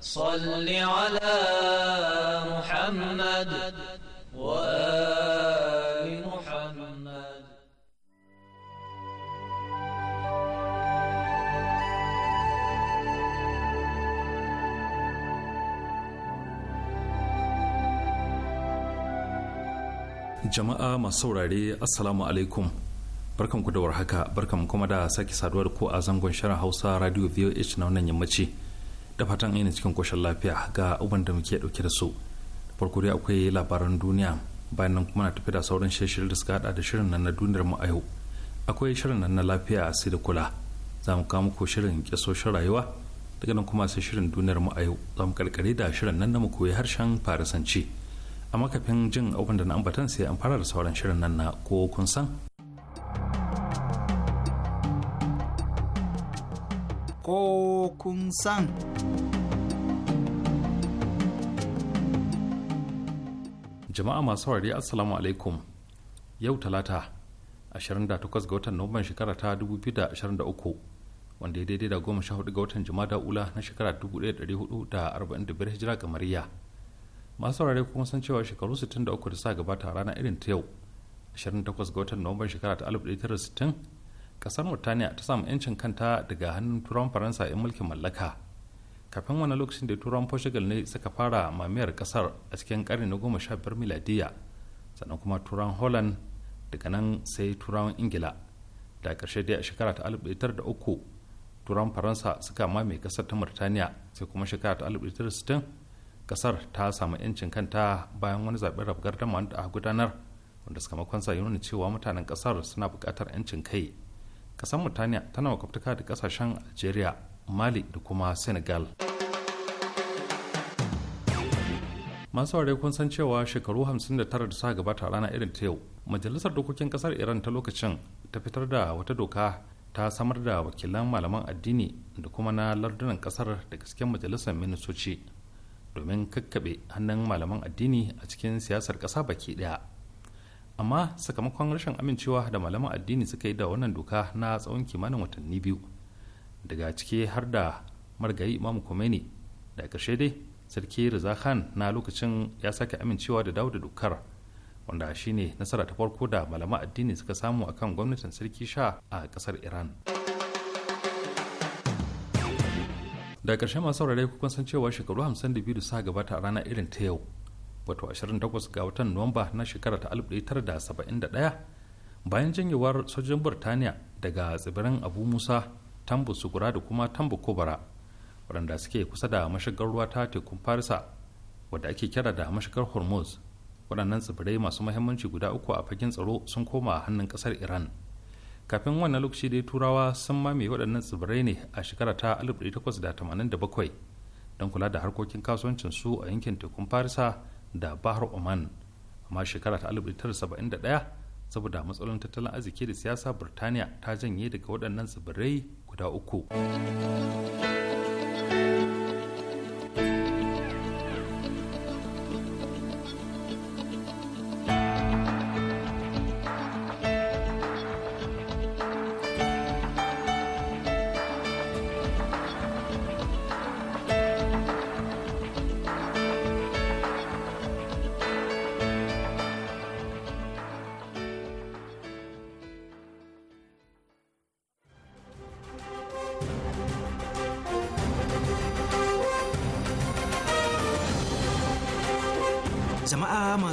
صل على محمد وآل محمد jama'a masu saurare assalamu alaikum barkanku da warhaka barkan kuma da sake saduwa da ku a zangon shirin hausa radio voh na wannan yammaci da fatan ainihin cikin koshin lafiya ga uban da muke dauke da su farko dai akwai labaran duniya bayan nan kuma na tafi da sauran shirin da suka hada da shirin nan na duniyar mu a yau akwai shirin nan na lafiya sai da kula za mu kawo muku shirin kyasoshin rayuwa daga nan kuma sai shirin duniyar mu a yau za mu karkare da shirin nan na mu koyi harshen farisanci amma kafin jin uban da na ambatan sai an fara da sauran shirin nan na ko kun san ko kun san. Jama'a masu saurari Assalamu alaikum yau talata 28 ga watan Nuwamban shekara ta 2023 wanda ya daidai da 14 ga watan Jama'a ula na shekara 1445 hijira ga Mariya. Masu saurari kuma san cewa shekaru 63 da sa gabata rana irin ta yau 28 ga watan Nuwamban shekara ta 1960 kasar murtaniya ta samu 'yancin kanta daga hannun turan faransa 'yan mulkin mallaka kafin wani lokacin da turan portugal ne suka fara mamiyar kasar a cikin karni na goma sha biyar miladiya sannan kuma turan holland daga nan sai turawan ingila da karshe dai a shekara ta alif da uku turan faransa suka mame kasar ta murtaniya sai kuma shekara ta alif sittin kasar ta samu 'yancin kanta bayan wani zaɓen rabgar da a gudanar wanda sakamakon sa nuna cewa mutanen kasar suna bukatar 'yancin kai kasan mutaniya tana makwabtaka da kasashen algeria mali da kuma senegal masu ware kun san cewa shekaru 59 da suka gabata rana irin ta yau majalisar dokokin kasar iran ta lokacin ta fitar da wata doka ta samar da wakilan malaman addini da kuma na lardunan kasar da gasken majalisar ministoci domin kakkaɓe hannun malaman addini a cikin siyasar kasa baki daya. amma sakamakon rashin amincewa da malaman addini suka yi da wannan doka na tsawon kimanin watanni biyu daga cike har da margayi imam Khomeini da ƙarshe dai sarki Riza na lokacin ya sake amincewa da dawo da dokar wanda shine nasara ta farko da malaman addini suka samu akan gwamnatin sarki sha a ƙasar Iran. da ƙarshe masu saurare kun san cewa shekaru 52 da sa gabata a rana irin ta yau wato 28 ga watan nuwamba na shekara ta 1971 bayan janyewar sojin burtaniya daga tsibirin abu musa tambu sugura da kuma tambu kobara waɗanda suke kusa da mashigar ruwa ta tekun farisa wadda ake kira da mashigar hormuz waɗannan tsibirai masu mahimmanci guda uku a fagen tsaro sun koma hannun ƙasar iran kafin wannan lokaci dai turawa sun mamaye waɗannan tsibirai ne a shekara ta 1887 don kula da harkokin kasuwancin su a yankin tekun farisa da bahar oman amma shekara ta 1971 saboda matsalolin tattalin arziki da siyasa birtaniya ta janye daga waɗannan tsibirai guda uku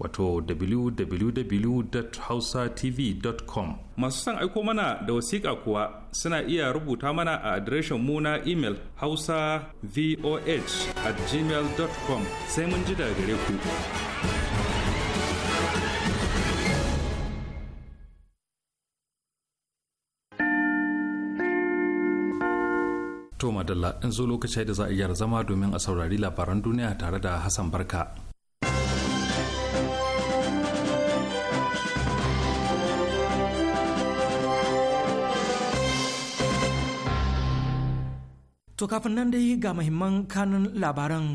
wato www.hausatv.com masu son aiko mana da wasiƙa kuwa suna iya rubuta mana a adireshin mu na imel hausa voh at gmail.com sai mun ji daga gare ku To madalla in zo lokaci da za a iya zama domin a saurari labaran duniya tare da Hassan Barka. To kafin nan dai ga mahimman kanun labaran.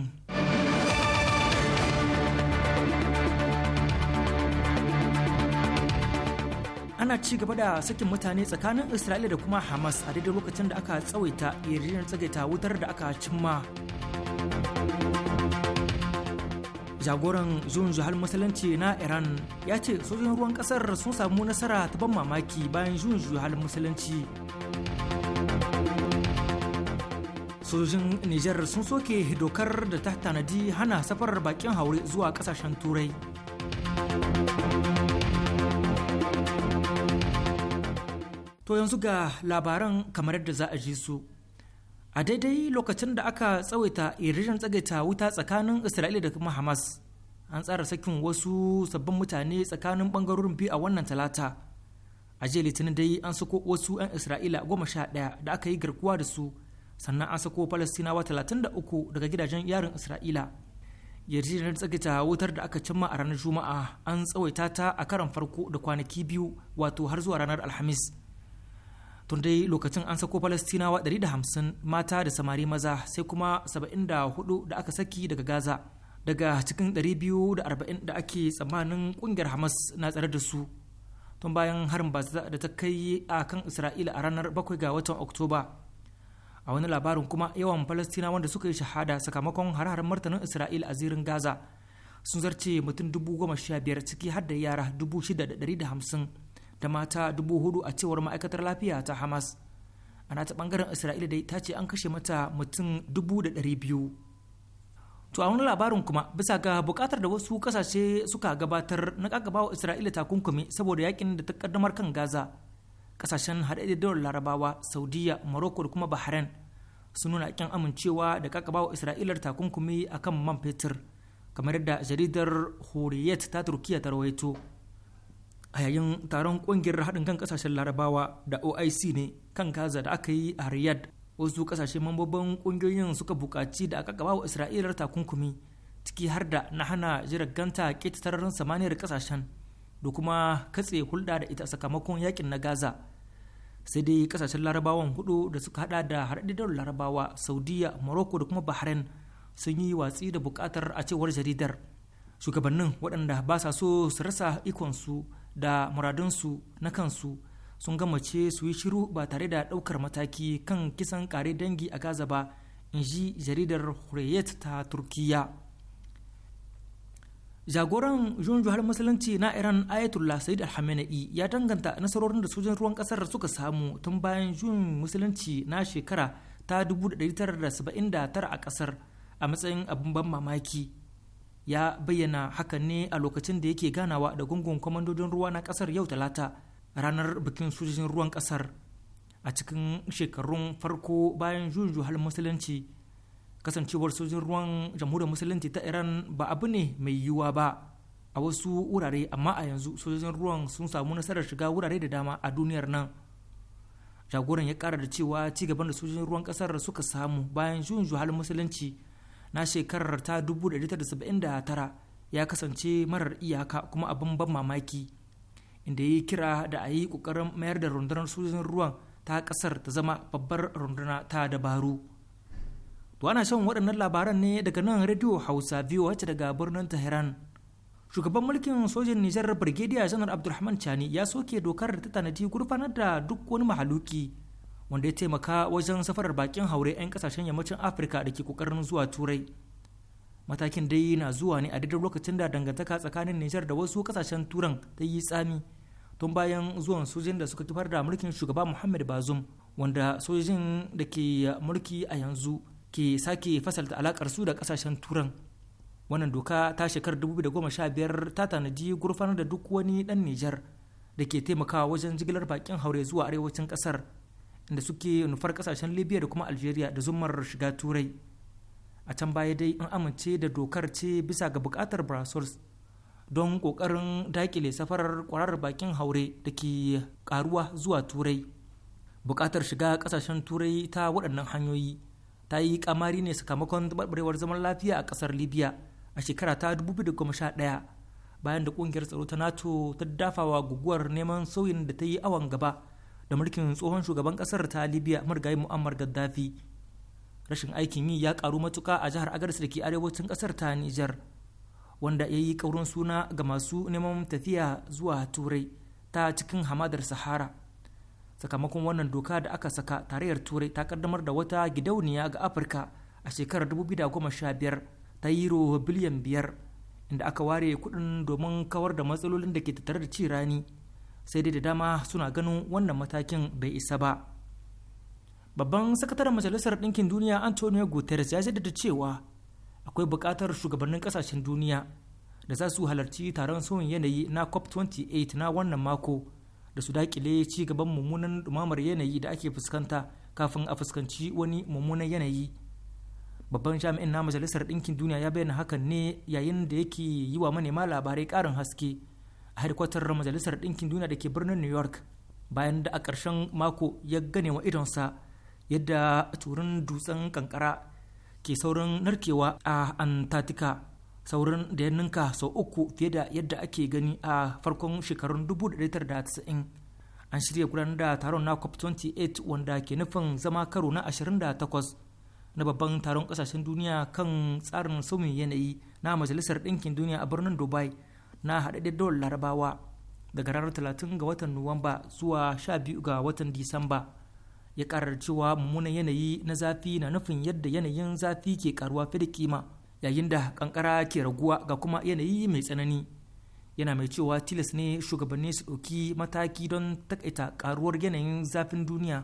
Ana ci gaba da sakin mutane tsakanin Isra'ila da kuma Hamas a daidai lokacin da aka tsawaita yarjejeniyar tsagaita wutar da aka cimma. jagoran zuwan zuhal musulunci na iran ya ce sojojin ruwan kasar sun samu nasara ta ban mamaki bayan zuwan zuhal musulunci sojojin nijar sun soke dokar da ta tanadi hana safarar bakin haure zuwa kasashen turai to yanzu ga labaran kamar yadda za a ji su a daidai lokacin da aka tsawaita yarjejen tsagaita wuta tsakanin isra'ila da kuma hamas an tsara sakin wasu sabbin mutane tsakanin bangarorin biyu a wannan talata a jiya litinin dai an sako wasu 'yan isra'ila goma sha ɗaya da aka yi garkuwa da su sannan an sako falastinawa 33 daga gidajen yarin isra'ila yarjejeniyar tsakita wutar da aka cimma a ranar juma'a an tsawaita ta a karan farko da kwanaki biyu wato har zuwa ranar alhamis tun dai lokacin an sako falastinawa 150 mata da samari maza sai kuma 74 da aka saki daga gaza daga cikin 240 da ake tsammanin kungiyar hamas na tsare da su tun bayan harin ba da ta kai a kan isra'ila a ranar 7 ga watan oktoba a wani labarin kuma yawan falastina wanda suka yi shahada sakamakon har har martanin isra'ila a zirin gaza sun zarce mutum dubu goma sha biyar ciki har da yara dubu shida da ɗari da hamsin da mata dubu hudu a cewar ma'aikatar lafiya ta hamas a nata bangaren isra'ila dai ta ce an kashe mata mutum dubu da ɗari biyu to a wani labarin kuma bisa ga bukatar da wasu ƙasashe suka gabatar na kagabawa isra'ila takunkumi saboda yakin da ta kaddamar kan gaza kasashen da dawar larabawa saudiya morocco da kuma bahrain sun nuna kyan amincewa da kakabawa isra'ilar takunkumi akan man fetur kamar da jaridar horiyet ta turkiya ta rawaito a yayin taron kungiyar haɗin kan kasashen larabawa da oic ne kan gaza da aka yi a riyadh wasu kasashe mambobin kungiyoyin suka buƙaci da aka gaba isra'ilar takunkumi ciki har da na hana jiraganta ƙetare samaniyar kasashen da kuma katse hulɗa da ita sakamakon yakin na gaza sai dai kasashen larabawan hudu da suka hada da haɗaɗɗiyar larabawa saudiya morocco da kuma bahrain sun yi watsi da buƙatar a cewar jaridar shugabannin waɗanda ba sa so su rasa ikonsu da muradunsu na kansu sun gamace su yi shiru ba tare da ɗaukar mataki kan kisan ƙare dangi a gaza ba in ji jaridar hurriyet ta turkiya jagoran junju har musulunci na iran ayatollah said alhamenei ya danganta nasarorin da sojan ruwan kasar suka samu tun bayan jun musulunci na shekara ta 1979 a kasar a matsayin abin ban mamaki ya bayyana hakan ne a lokacin da yake ganawa da gungun kwamandojin ruwa na kasar yau talata ranar bikin sojojin ruwan kasar a cikin shekarun farko bayan junju har musulunci kasancewar sojin ruwan jamhuriyar musulunci ta iran ba abu ne mai yiwuwa ba a wasu wurare amma a yanzu sojojin ruwan sun samu nasarar shiga wurare da dama a duniyar nan jagoran ya kara da cewa ci gaban da sojojin ruwan kasar suka samu bayan juyin juhalin musulunci na shekarar ta 1979 ya kasance marar iyaka kuma abin ban mamaki inda ya yi kira da a yi kokarin mayar da rundunar sojojin ruwan ta kasar ta zama babbar runduna ta dabaru To ana shan waɗannan labaran ne daga nan Radio Hausa wacce daga birnin Tehran. Shugaban mulkin sojin Nijar Brigadier Janar Abdulrahman Chani ya soke dokar da ta tanadi gurfanar da duk wani mahaluki wanda ya taimaka wajen safarar bakin haure 'yan kasashen yammacin Afirka da ke kokarin zuwa Turai. Matakin dai na zuwa ne a daidai lokacin da dangantaka tsakanin Nijar da wasu kasashen Turan ta yi tsami tun bayan zuwan sojin da suka kifar da mulkin shugaba Muhammad bazum wanda sojin da ke mulki a yanzu ke sake fasalta alakar su da kasashen turan wannan doka ta shekarar 2015 ta tanadi gurfanar da duk wani dan nijar da ke taimakawa wajen jigilar bakin haure zuwa arewacin kasar inda suke nufar kasashen libya da kuma algeria da zumar shiga turai a can baya dai an amince da dokar ce bisa ga bukatar brussels don kokarin dakile safarar kwararar bakin haure da ke karuwa zuwa turai bukatar shiga kasashen turai ta waɗannan hanyoyi ta yi kamari ne sakamakon barbarewar zaman lafiya a ƙasar libya a shekara ta 2011 bayan da ƙungiyar tsaro ta nato ta dafawa guguwar neman sauyin da ta yi awon gaba da mulkin tsohon shugaban ƙasar ta libya marigayi mu'ammar gaddafi rashin aikin yi ya ƙaru matuka a jihar agadis da ke arewacin ƙasar ta nijar wanda ya yi ƙaurin suna ga masu neman tafiya zuwa turai ta cikin hamadar sahara sakamakon wannan doka da aka saka tarayyar turai ta kaddamar da wata gidauniya ga afirka a shekarar 2015 ta euro biliyan biyar inda aka ware kudin domin kawar da matsalolin da ke tattare da ci rani sai dai da dama suna ganin wannan matakin bai isa ba babban sakataren majalisar ɗinkin duniya antonio guterres ya da cewa akwai buƙatar shugabannin ƙasashen duniya da za su halarci taron sauyin yanayi na cop 28 na wannan mako da su dakile ci gaban mummunan dumamar yanayi da ake fuskanta kafin a fuskanci wani mummunan yanayi babban jami'in na majalisar ɗinkin duniya ya bayyana hakan ne yayin da yake yi wa manema labarai ƙarin haske a harkwatar majalisar ɗinkin duniya da ke birnin new york bayan da a ƙarshen mako ya gane wa idonsa yadda turin dutsen kankara ke saurin narkewa a antarctica saurin da ya ninka sau uku fiye da yadda ake gani a farkon shekarun 1990 an shirya gudanar da taron na cop 28 wanda ke nufin zama karo na 28 na babban taron kasashen duniya kan tsarin sauyin yanayi na majalisar ɗinkin duniya a birnin dubai na haɗaɗɗen dole larabawa daga ranar 30 ga watan nuwamba zuwa 12 ga watan disamba ya karar cewa mummunan yanayi na zafi na nufin yadda yanayin zafi ke karuwa fiye da kima yayin da kankara ke raguwa ga kuma yanayi mai tsanani yana mai cewa tilas ne shugabanni su ɗauki mataki don takaita karuwar yanayin zafin duniya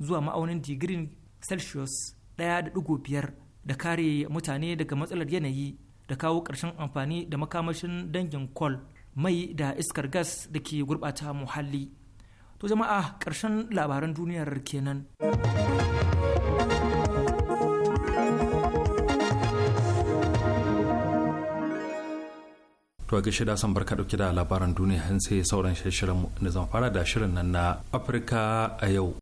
zuwa ma'aunin digirin celsius 1.5 da kare mutane daga matsalar yanayi da kawo ƙarshen amfani da makamashin dangin kol mai da iskar gas da ke gurɓata muhalli to jama'a ƙarshen labaran duniyar kenan. To ga shida son barka dauke da labaran duniya har sai sauran shirin mu da zan fara da shirin nan na Afirka a yau.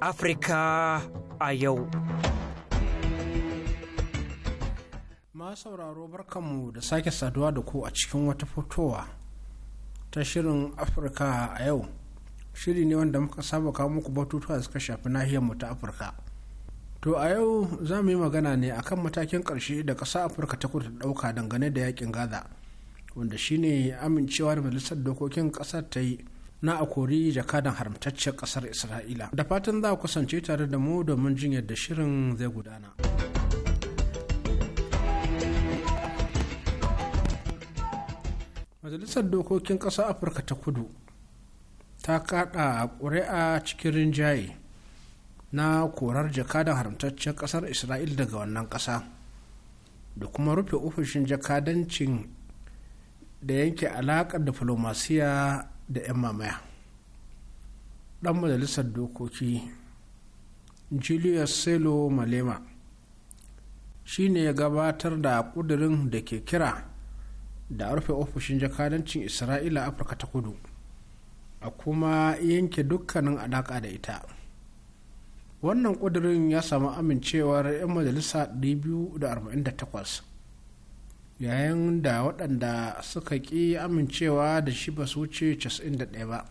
Afirka a yau. Ma sauraro barkanmu da sake saduwa da ku a cikin wata fitowa ta shirin Afirka a yau. shiri ne wanda muka saba kawo muku batutuwa da suka shafi nahiyar mu ta afirka to a yau za mu yi magana ne akan matakin karshe da ƙasa afirka ta kudu ta ɗauka dangane da yakin gaza wanda shine amincewa da majalisar dokokin ƙasar ta yi na a kori jakadan haramtaccen ƙasar isra'ila da fatan za a kasance tare da mu domin jin yadda shirin zai gudana. majalisar dokokin ƙasar afirka ta kudu ta kada ƙuri'a cikin rinjaye na korar jakadan haramtaccen ƙasar isra'il daga wannan ƙasa da kuma rufe ofishin jakadancin da yanke alaƙar diflomasiya da 'yan mamaya ɗan majalisar dokoki julius selo malema shi ne ya gabatar da ƙudurin da ke kira da rufe ofishin jakadancin isra'ila afirka ta kudu a kuma yanke dukkanin alaƙa da ita wannan ƙudurin ya samu amincewar 'yan majalisa 248 yayin da waɗanda suka ƙi amincewa da shi ba su wuce 91 ba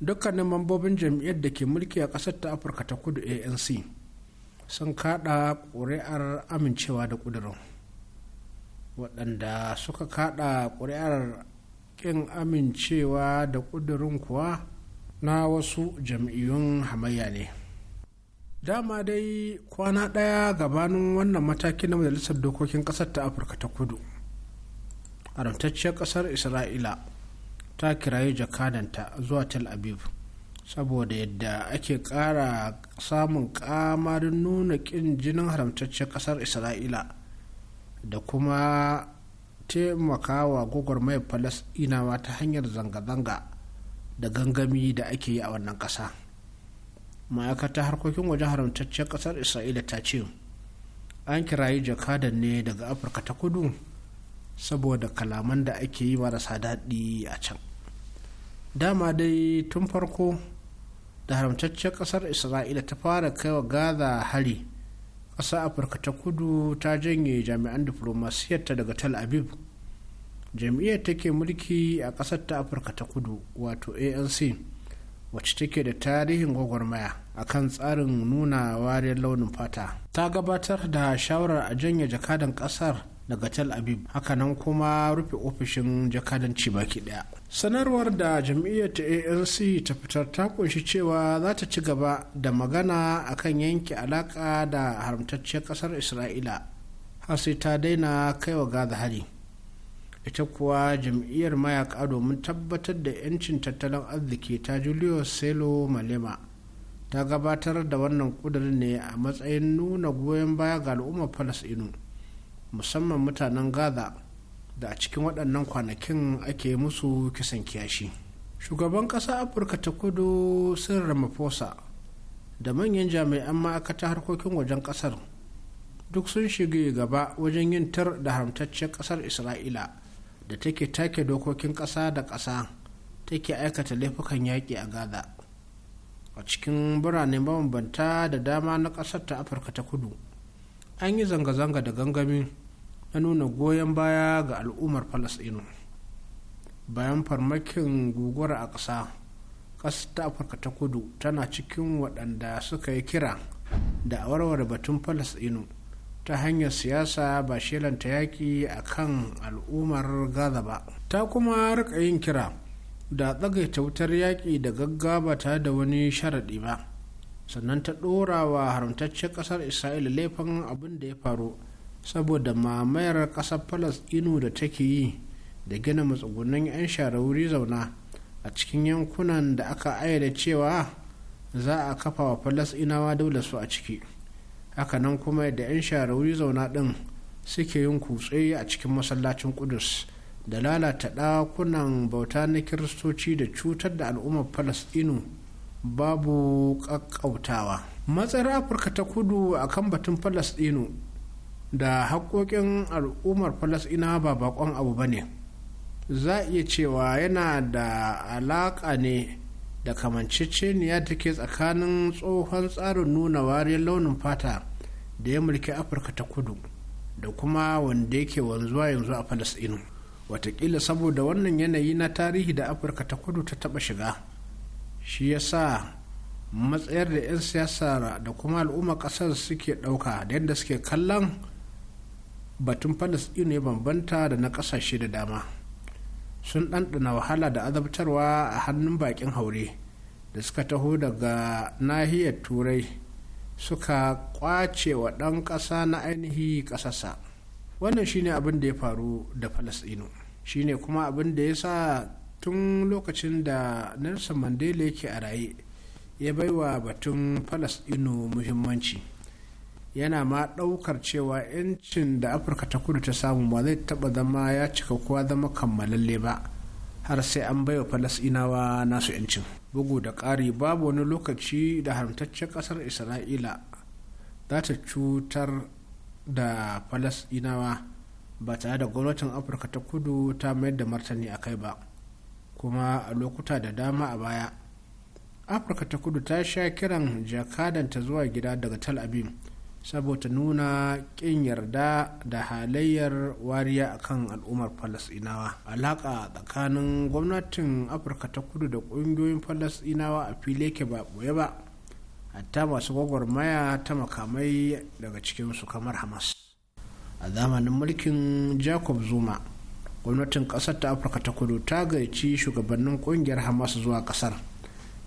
dukkanin mambobin jam'iyyar da ke mulki a ƙasar ta afirka ta kudu anc sun kaɗa ƙuri'ar amincewa da ƙudurin waɗanda suka kaɗa ƙuri'ar ƙin amincewa da ƙudurin kuwa na wasu jam'iyyun hamayya ne dama dai kwana ɗaya gabanin wannan mataki na majalisar dokokin ƙasar ta afirka ta kudu haramtacciyar ƙasar isra'ila ta kirayi jakadanta zuwa tel aviv saboda yadda ake ƙara samun ƙamarin nuna ƙin jinin haramtacciyar ƙasar isra'ila da kuma taimakawa gwagwarmayar falasɗinawa ta hanyar zanga-zanga da gangami da ake yi a wannan ƙasa ma'aikatar harkokin wajen haramtaccen ƙasar isra'ila ta ce an kirayi jakadan ne daga afirka ta kudu saboda kalaman da ake yi marasa daɗi a can dama dai tun farko da haramtaccen ƙasar isra'ila ta fara kaiwa gaza hari ƙasa afirka ta kudu ta janye jami'an diflomasiyarta daga tel aviv jam'iyyar take mulki a ƙasar ta afirka ta kudu wato anc wacce take da tarihin gwagwarmaya a kan tsarin nuna wariyar launin fata ta gabatar da shawarar a janye jakadan ƙasar daga Tal Abib, hakanan kuma rufe ofishin jakadanci baki ɗaya sanarwar da jam'iyyar ta anc ta fitar ta kunshi cewa za ta ci gaba da magana a kan yanke alaka da haramtacciyar kasar isra'ila har sai ta daina kaiwa gaza hari ita kuwa jam'iyyar mayaka domin tabbatar da 'yancin tattalin arziki ta julius selo malema ta gabatar da wannan kudirin ne a matsayin nuna goyon baya ga al'ummar falasɗinu musamman mutanen gaza da a cikin waɗannan kwanakin ake musu kisan kiyashi shugaban ƙasa afirka ta kudu sir ramaphosa da manyan jami'an ma'aikata harkokin wajen ƙasar duk sun shige gaba wajen yin tar da haramtaccen ƙasar isra'ila da take take dokokin ƙasa da ƙasa take aikata laifukan yaƙi a gaza a cikin birane mabambanta da dama na ƙasar ta afirka ta kudu an yi zanga-zanga da gangamin na nuna goyon baya ga al'ummar falasɗinu bayan farmakin guguwar a ƙasa ƙasar ta afirka ta kudu tana cikin waɗanda suka yi kira da a warware batun falasɗinu ta hanyar siyasa ba shelanta yaƙi a kan al'ummar gaza ba ta kuma rika yin kira da tsagaita wutar yaƙi da gaggaba ta da wani sharaɗi ba sannan ta ɗora wa haramtaccen ƙasar isra'ila laifin abin da ya faru saboda mamayar ƙasar falasɗinu da take yi da gina matsugunan 'yan shara wuri zauna a cikin yankunan da aka ayyada cewa za a kafa wa falasɗinawa daular su a ciki hakanan kuma yadda 'yan shara wuri zauna ɗin suke yin kutse a cikin masallacin kudus da lalata ɗakunan bauta na kiristoci da cutar da al'ummar falasɗinu babu ƙaƙƙautawa matsayar afirka ta kudu a kan batun falasɗinu da haƙoƙin al'ummar falasina ba baƙon abu ba ne za a iya cewa yana da alaƙa ne da kamanceceniya take tsakanin tsohon tsarin nuna wariyar launin fata da ya mulki afirka ta kudu da kuma wanda yake wanzuwa yanzu a falasɗinu watakila saboda wannan yanayi na tarihi da afirka ta kudu ta taɓa shiga shi ya sa matsayar da 'yan siyasa da kuma al'ummar ƙasar suke ɗauka da yadda suke kallon batun falasɗinu ya bambanta da na ƙasashe da dama sun ɗanɗana wahala da azabtarwa a hannun baƙin haure da suka taho daga nahiyar turai suka kwace wa ɗan ƙasa na ainihi ƙasasa wannan shine abin da ya faru da falasɗinu shine kuma abin da ya sa tun lokacin da nelson mandela yake a raye ya baiwa batun falasɗinu muhimmanci. yana ma ɗaukar cewa 'yancin da afirka ta kudu ta samu ba zai taɓa zama ya cika kowa zama kammalalle ba har sai an bai wa falasɗinawa nasu 'yancin bugu da ƙari babu wani lokaci da haramtaccen ƙasar isra'ila za ta cutar da falasɗinawa ba tare da gwamnatin afirka ta kudu ta mayar da martani a kai ba kuma a lokuta da dama a baya afirka ta kudu ta sha kiran jakadanta zuwa gida daga tal abin. saboda nuna ƙin yarda da halayyar wariya a kan al'ummar falasinawa alaƙa tsakanin gwamnatin afirka ta kudu da ƙungiyoyin falasinawa a fili ke ba ɓoye ba hatta masu gwagwarmaya ta makamai daga cikinsu kamar hamas a zamanin mulkin jacob zuma gwamnatin ƙasar ta afirka ta kudu ta gaici shugabannin ƙungiyar hamas zuwa ƙasar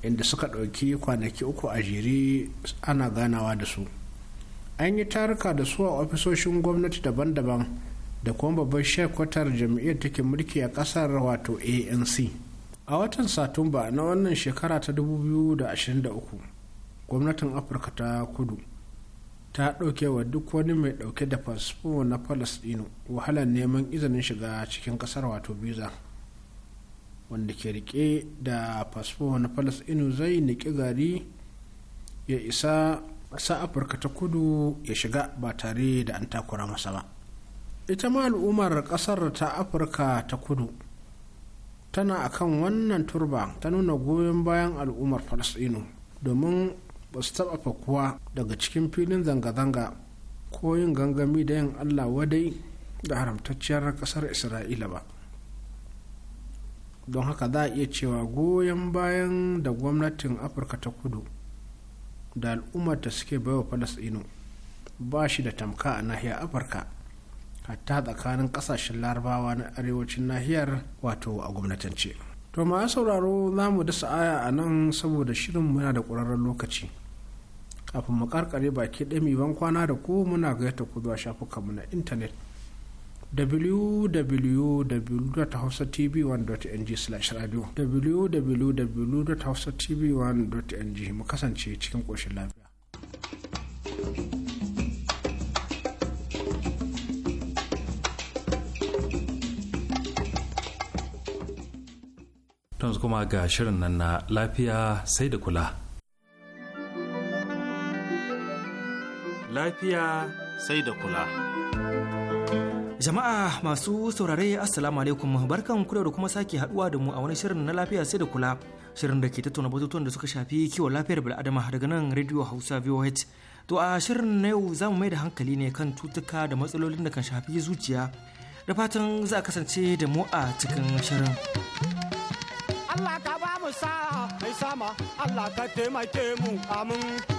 inda suka ɗauki kwanaki uku a jere ana ganawa da su an yi taruka da su a ofisoshin gwamnati daban-daban da kuma babban shekwatar jam'iyyar take mulki a kasar wato anc a watan satumba na wannan shekara ta 2023 gwamnatin afirka ta kudu ta ɗauke wa duk wani mai ɗauke da fasfo na palestino wahalar neman izinin shiga cikin ƙasar wato visa wanda ke rike da fasfo na palestino zai niki gari ya isa ƙasa afirka ta kudu ya shiga ba tare da an takura masa ba ita ma al'ummar ƙasar ta afirka ta kudu tana akan wannan turba ta nuna goyon bayan al'ummar falasɗinu domin ba su taɓa fakuwa daga cikin filin zanga-zanga ko yin gangami da yin allah wadai da haramtacciyar ƙasar isra'ila ba don haka za a iya cewa goyon bayan da gwamnatin afirka ta kudu da al'ummar ta suke baiwa falasɗinu ba shi da tamka a nahiyar afirka hatta tsakanin ƙasashen larabawa na arewacin nahiyar wato a gwamnatance to ma sauraro za mu dasa aya a nan saboda shirin muna da ƙwararren lokaci kafin mu karkare baki ɗaya mai ban kwana da ku muna gayyata ku zuwa shafukanmu na intanet www.hausatv1.ng/radio www.hausatv1.ng mu kasance cikin ƙoshin lafiya. Tons kuma ga shirin nan na lafiya sai da kula. Lafiya sai da kula. Jama'a masu saurare Assalamu alaikum barkan ku da kuma sake haduwa da mu a wani shirin na lafiya sai da kula shirin da ke tattauna batutuwan da suka shafi kiwon lafiyar bil'adama daga nan Radio Hausa VOH. To a shirin na yau zamu mai da hankali ne kan cutuka da matsalolin da kan shafi zuciya. Da fatan za a kasance da mu a cikin shirin. Allah ka ba mu sa'a mai sama Allah ka taimake mu amin.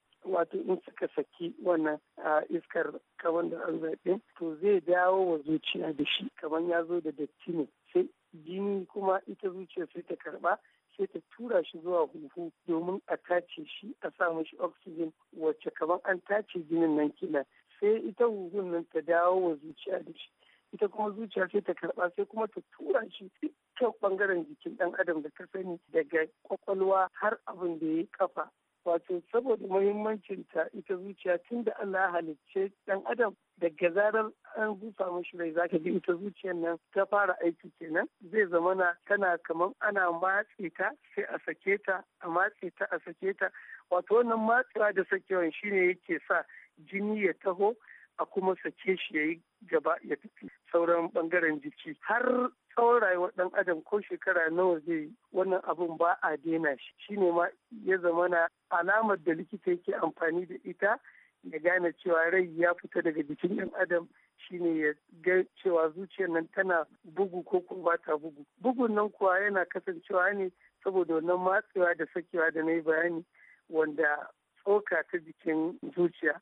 wato in suka saki wannan a iskar kaban da an zaɓe to zai dawo wa zuciya da shi kaman ya zo da datti ne sai jini kuma ita zuciya sai ta karba sai ta tura shi zuwa huhu domin a tace shi a sa mashi oxygen wacce kaman an tace jinin nan kila sai ita huhun nan ta dawo wa zuciya da shi ita kuma zuciya sai ta karba sai kuma ta tura shi dukkan bangaren jikin dan adam da ka sani daga kwakwalwa har abin da ya kafa wato saboda muhimmancinta ita zuciya tunda Allah ya halicce dan adam daga zarar an busa mashi rai zaka ji ita zuciyar nan ta fara aiki kenan zai zamana tana kamar ana matse ta sai a sake ta a matse ta a sake ta wato wannan matsewa da sakewan shine yake sa jini ya taho a kuma sake shi ya yi gaba ya tafi sauran bangaren jiki har tsawon rayuwar dan adam ko shekara nawa zai wannan abun ba a daina shi shine ma ya zama na alamar da likita yake amfani da ita ya gane cewa rai ya fita daga jikin dan adam shine ya ga cewa zuciyar nan tana bugu ko kuma ba ta bugu bugun nan kuwa yana kasancewa ne saboda wannan matsewa da sakewa da na yi bayani wanda tsoka ta jikin zuciya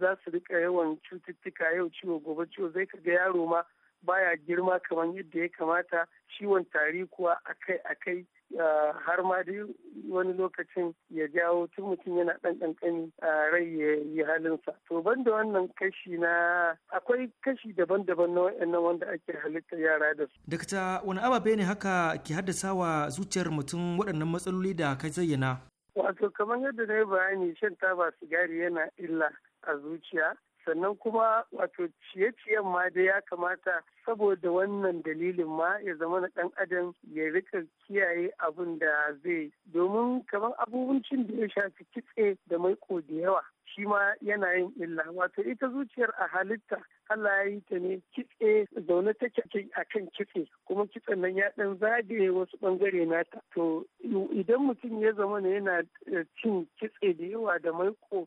za su rika yawan cututtuka yau ciwo gobe ciwo zai kaga yaro ma baya girma kamar yadda ya kamata ciwon tari kuwa akai akai har ma dai wani lokacin ya jawo tun mutum yana ɗan ƙanƙani a rai ya yi halinsa. To ban da wannan kashi na akwai kashi daban-daban na wa'annan wanda ake halittar yara da su. Dakta wani ababe ne haka ki haddasa wa zuciyar mutum waɗannan matsaloli da ka zayyana? Wato kamar yadda na yi bayani shan taba sigari yana illa a zuciya sannan kuma wato ciye-ciyen ma da ya kamata saboda wannan dalilin ma ya zama na ɗan adam ya rika kiyaye abin da zai domin kamar abubuwan da ya shafi kitse da maiko da yawa shi ma yana yin illa wato ita zuciyar a halitta Allah ya yi ta ne kitse zaune take a kan kitse kuma kitsen nan ya dan zagaye wasu bangare nata to idan mutum ya zama ne yana eh, cin kitse da yawa da maiko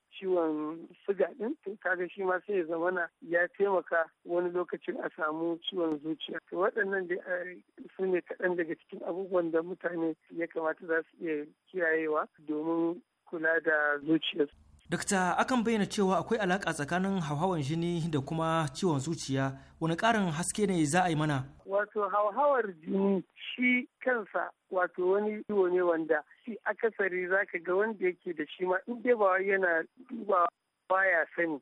ciwon suga din to kaga shi ma sai ya zamana ya taimaka wani lokacin a samu ciwon zuciya to waɗannan da eh, su ne kaɗan daga cikin abubuwan da mutane ya kamata za su iya kiyayewa domin kula da zuciyarsu Dakta akan bayyana cewa akwai alaƙa tsakanin hauhawar jini da kuma ciwon zuciya wani ƙarin haske ne za a yi mana. Wato hauhawar jini shi kansa wato wani iwo ne wanda shi akasari zaka ga wanda yake da shi ma in dai ba yana dubawa baya sani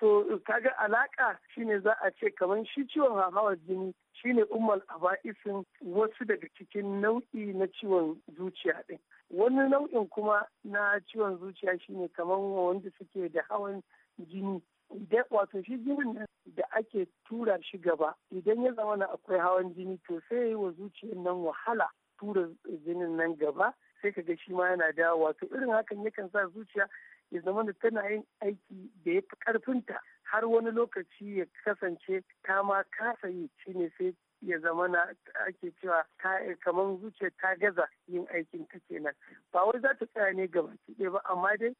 so kaga alaka shine za a ce kamar shi ciwon hawan jini shine ummal aba'isin wasu daga cikin nau'i na ciwon zuciya din wani nau'in kuma na ciwon zuciya shine kamar wanda suke da hawan jini idan wato shi jinin nan da ake tura shi gaba idan ya zama na akwai hawan jini to sai yi wa zuciyar nan wahala tura jinin nan gaba sai ka ga shi ma yana dawo wato irin hakan yakan sa zuciya ya zama da tana yin aiki da ya fi karfinta har wani lokaci ya kasance ta ma kasa yi shi ne sai ya zama na ake cewa ta kamar zuciya ta gaza yin aikin ta kenan ba wai za ta tsaya ne gaba ɗaya ba amma dai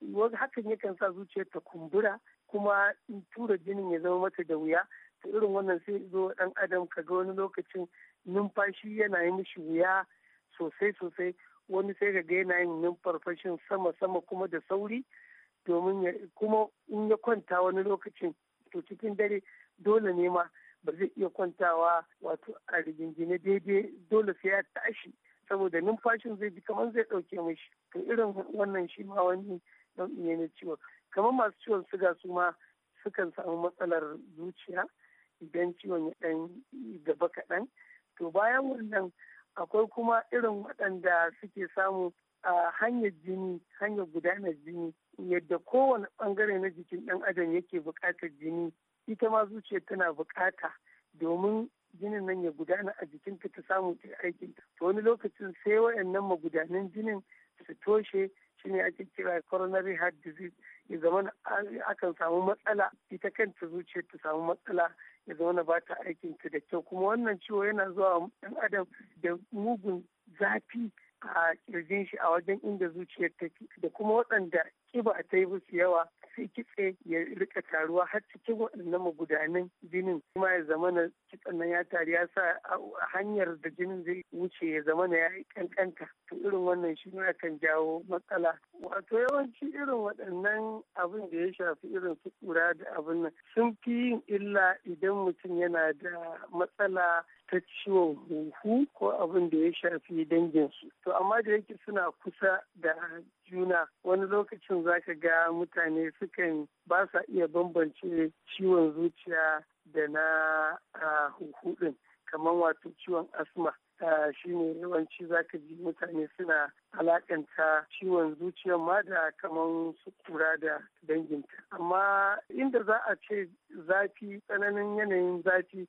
wani hakan yakan sa zuciya ta kumbura kuma tura jinin ya zama mata da wuya ta irin wannan sai zo ɗan adam ka ga wani lokacin numfashi yana yi mishi wuya sosai sosai wani sai ga yana yin numfarfashin sama-sama kuma da sauri domin kuma in ya kwanta wani lokacin to cikin dare dole ne ma ba zai iya kwantawa wato a rigingine daidai dole sai ya tashi saboda numfashin zai ji kamar zai ɗauke mashi to irin wannan shi ma wani ne na ciwon kamar masu ciwon suga su ma sukan samu matsalar zuciya idan ciwon ya dan gaba kaɗan to bayan wannan akwai kuma irin waɗanda suke samu a hanyar jini hanyar gudanar jini yadda kowane ɓangare na jikin ɗan adam yake buƙatar jini ita ma zuciya tana buƙata domin jinin nan ya gudana a jikin ta ta samu ta aikin to wani lokacin sai wayannan magudanan jinin su toshe shine ake kira coronary heart disease ya zama akan samu matsala ita kanta zuciya ta samu matsala ya zauna ba ta aikin ta da kyau kuma wannan ciwo yana zuwa ɗan adam da mugun zafi a kirjin shi a wajen inda zuciyar take da kuma waɗanda kiba ta yi yawa sai kitse ya rika taruwa har cikin waɗannan magudanan jinin kuma ya zamana kitsen nan ya taru ya sa hanyar da jinin zai wuce ya zamana ya kankanta to irin wannan shi ne kan jawo matsala wato yawanci irin waɗannan abin da ya shafi irin su kura da abin nan sun fi yin illa idan mutum yana da matsala ta ciwon huhu ko abin da ya shafi danginsu. To amma da yake suna kusa da juna wani lokacin zaka ga mutane sukan ba sa iya bambance ciwon zuciya da na huhu din kamar wato ciwon asma. shi ne yawanci ka ji mutane suna alakanta ciwon zuciya ma da kaman su kura da danginta amma inda za a ce zafi tsananin yanayin zafi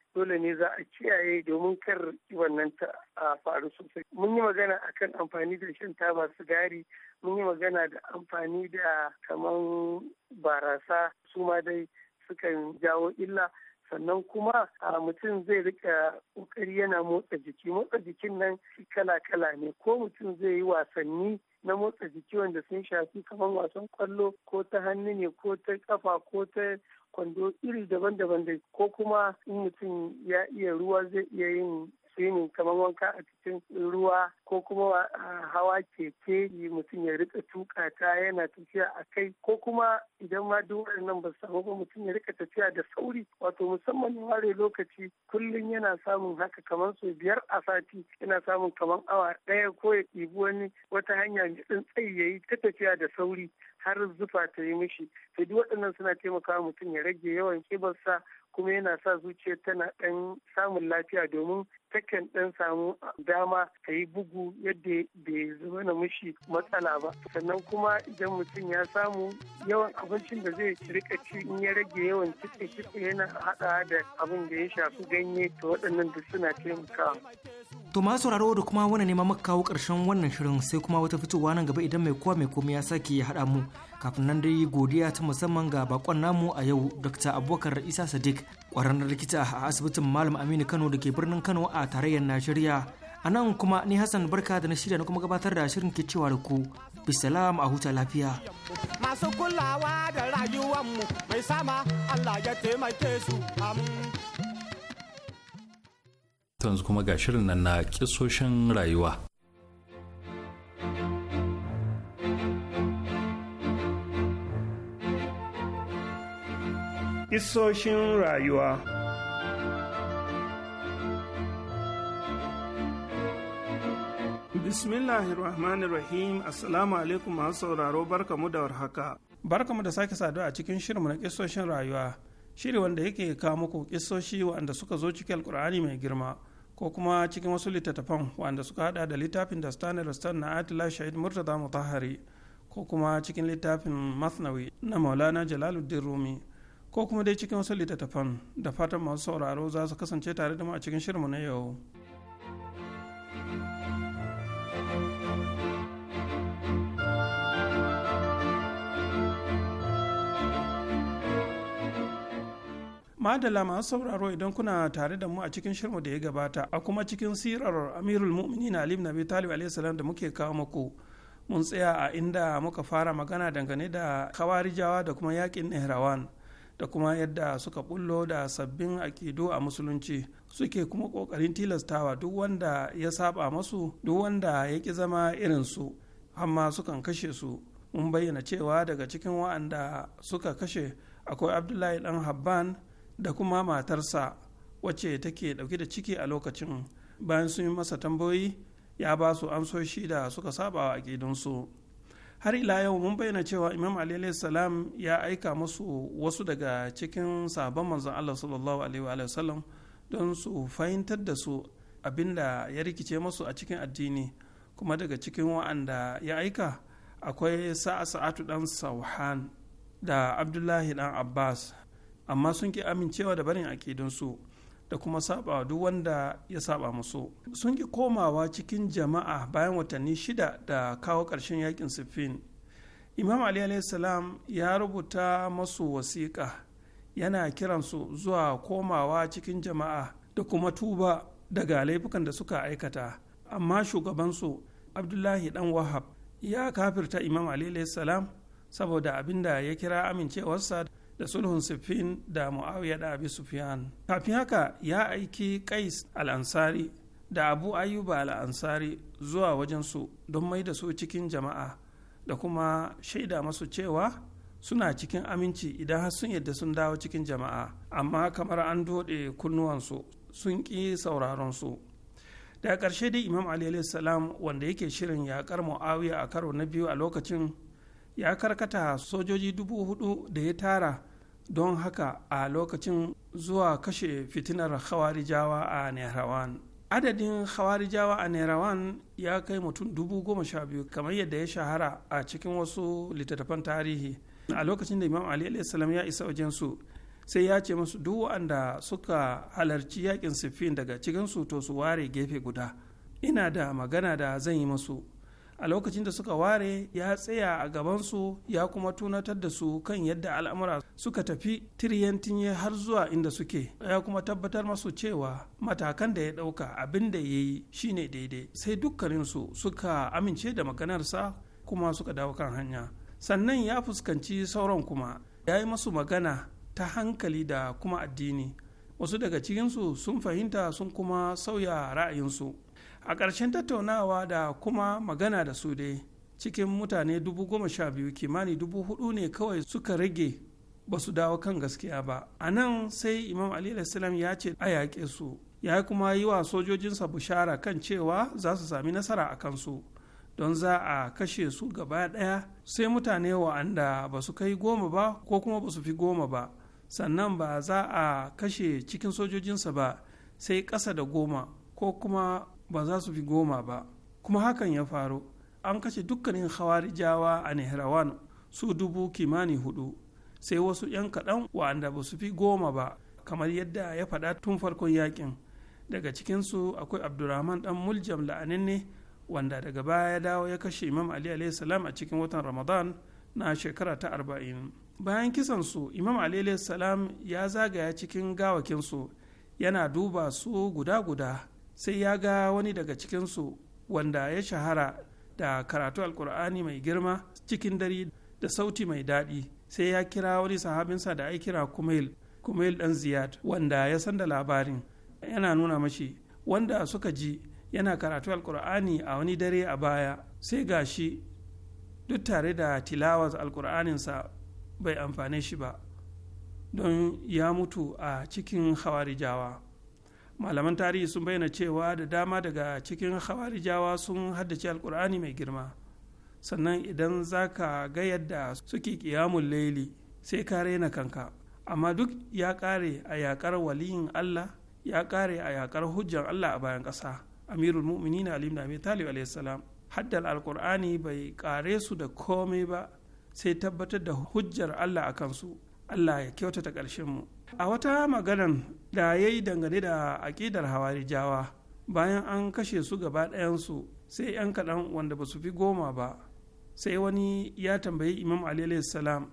dole ne za a kiyaye domin kar wannan ta faru sosai mun yi magana akan amfani da shan taba sigari mun yi magana da amfani da kaman barasa su ma dai sukan jawo illa sannan kuma a mutum zai rika kokari yana motsa jiki motsa jikin nan kala kala ne ko mutum zai yi wasanni na motsa jiki wanda sun shafi kamar wasan kwallo ko ta hannu ne ko ta kafa ko ta kwando iri daban-daban da ko kuma in mutum ya iya ruwa zai iya yin swimming kamar wanka a cikin ruwa ko kuma hawa keke yi mutum ya rika tuka ta yana tafiya a kai ko kuma idan ma duk nan ba samu ba mutum ya rika tafiya da sauri wato musamman ware lokaci kullum yana samun haka kamar sau biyar a sati yana samun kamar awa ɗaya ko ya ɗibi wani wata hanya mai tsayi ya yi ta tafiya da sauri har zufa ta yi mishi to duk waɗannan suna taimakawa mutum ya rage yawan kibarsa kuma yana sa zuciya tana ɗan samun lafiya domin takan ɗan samu dama ta yi bugu yadda bai zama na mushi matsala ba sannan kuma idan mutum ya samu yawan abincin da zai rika ci in ya rage yawan kitse kitse yana haɗa da abin da ya shafi ganye to waɗannan da suna taimakawa. To masu sauraro da kuma wani neman maka kawo ƙarshen wannan shirin sai kuma wata fitowa nan gaba idan mai kowa mai komai ya sake ya haɗa mu kafin nan dai godiya ta musamman ga bakon namu a yau Dr. Abubakar Isa Sadiq ƙwararren likita a asibitin malam aminu kano da ke birnin kano a tarayyar najeriya a nan kuma ni hassan barka da na shirya na kuma gabatar da shirin ke cewa da ku bisalam a huta lafiya masu kulawa da rayuwanmu mai sama allah ya taimake su yanzu kuma ga shirin nan na kisoshin rayuwa Isoshin rayuwa Bismillahirrahmanirrahim Assalamu alaikum masu sauraro barkamu da warhaka. Barkamu da sake saduwa a cikin shirinmu na kisoshin rayuwa, shiri wanda yake kawo muku kisoshi wanda suka zo cikin alkur'ani mai girma. ko kuma cikin wasu littattafan wanda suka hada da littafin da stanley stan na atila shahid murtaza mutahari ko kuma cikin littafin masnawi na maulana jalaluddin rumi ko kuma dai cikin wasu littattafan da fatan masu sauraro za su kasance tare da mu a cikin shirinmu na yau. Madala masu sauraro idan kuna tare da mu a cikin shirmu da ya gabata a kuma cikin sirar Amirul Mu'minin Ali ibn Talib alayhi salam da muke kawo muku mun tsaya a inda muka fara magana dangane da kawarijawa da kuma yakin Nehrawan. da kuma yadda suka bullo da sabbin aƙidu a musulunci suke kuma ƙoƙarin tilastawa duk wanda ya saba masu duk wanda ya ki zama irinsu amma sukan kashe su mun bayyana cewa daga cikin wa'anda suka kashe akwai abdullahi dan habban da kuma matarsa wacce take ɗauke da ciki a lokacin bayan sun yi masa tambayoyi ya ba su amsoshi da suka saba wa aƙidunsu. har ila yau mun bayyana cewa imam ali salam ya aika musu wasu daga cikin sabon manzon allah sallallahu alaihi wa sallam don su fahimtar da su abinda ya rikice musu a cikin addini kuma daga cikin wa'anda ya aika akwai sa'a sa'atu dan sauhan da abdullahi dan abbas amma sun ki amincewa da barin su. da kuma saba duk wanda ya saba musu sun ki komawa cikin jama'a bayan watanni shida da kawo ƙarshen yakin siffin imam ali salam ya rubuta masu wasiƙa yana kiransu zuwa komawa cikin jama'a da kuma tuba daga laifukan da suka aikata amma shugabansu abdullahi dan wahab ya kafirta imam ali salam saboda abinda ya kira amincewarsa da sulhun siffin da muawiya da abi sufyan kafin haka ya aiki kais al'ansari da abu ayuba al'ansari zuwa wajensu don mai da su cikin jama'a da kuma shaida masu cewa suna cikin aminci idan har sun yadda sun dawo cikin jama'a amma kamar an doɗe kunnuwansu sun ƙi sauraron su daga ƙarshe dai imam ali salam wanda yake shirin yaƙar muawiya a karo na biyu a lokacin ya karkata sojoji dubu hudu da ya tara don haka a lokacin zuwa kashe fitinar hawarijawa a nehrawan adadin hawarijawa a nehrawan ya kai mutum dubu goma sha biyu kamar yadda ya shahara a cikin wasu littattafan tarihi a lokacin da imam ali ya isa wajensu sai ya ce masu duk waɗanda suka halarci yakin siffin daga cikinsu to su ware gefe guda ina da magana da zan yi masu a lokacin da suka ware ya tsaya a gabansu ya kuma tunatar da su kan yadda al'amura suka tafi tiriyan har zuwa inda suke ya kuma tabbatar masu cewa matakan da ya ɗauka abin da ya yi shine daidai sai dukkaninsu suka amince da maganarsa kuma suka dawo kan hanya sannan ya fuskanci sauran kuma ya yi masu magana ta hankali da kuma addini wasu daga cikinsu sun fahimta sun kuma sauya ra'ayinsu a ƙarshen tattaunawa da kuma magana da su dai cikin mutane dubu goma sha biyu kimani dubu hudu ne kawai suka rage ba su dawo kan gaskiya ba a nan sai imam ali ya ce a yaƙe su ya kuma yi wa sojojinsa bushara kan cewa za su sami nasara a kansu don za a kashe su gaba ɗaya sai mutane wa'anda ba su kai goma ba ko kuma ba su fi goma ba sannan ba za a kashe cikin sojojinsa ba sai ƙasa da goma ko kuma ba za su fi goma ba kuma hakan ya faru an kashe dukkanin hawarijawa a nehrawan su dubu kimani hudu sai wasu 'yan kaɗan wa'anda ba su fi goma ba kamar yadda ya faɗa tun farkon yakin daga cikinsu akwai abdurrahman ɗan muljam la'aninne wanda daga baya ya dawo ya kashe imam ali salam a cikin watan ramadan na shekara ta arba'in bayan kisan su imam ali salam ya zagaya cikin gawakinsu yana duba su guda-guda sai ya ga wani daga cikinsu wanda ya shahara da karatu alkur'ani mai girma cikin dare da sauti mai daɗi sai ya kira wani sahabinsa da ya kira kumail kumail ɗan ziyad wanda ya san da labarin yana nuna mashi wanda suka ji yana karatu alkur'ani a wani dare a baya sai ga shi duk tare da tilawar alkur'aninsa bai amfane shi ba don ya mutu a cikin hawarijawa malaman tarihi sun bayyana cewa da dama daga cikin hawarijawa sun haddace alkur'ani mai girma sannan idan za ka ga yadda suke kiyamun laili sai ka raina kanka amma duk ya kare a yakar waliyin allah ya kare a yakar hujjan allah a bayan ƙasa amirul na ali ibn abi talib alaihissalam haddal alkur'ani bai kare su da komai ba sai tabbatar da hujjar allah a kansu allah ya kyautata ƙarshen mu a wata maganan da ya yi dangane da aƙidar hawarijawa bayan an kashe su gaba ɗayansu sai 'yan kaɗan wanda ba su fi goma ba sai wani ya tambayi imam ali salam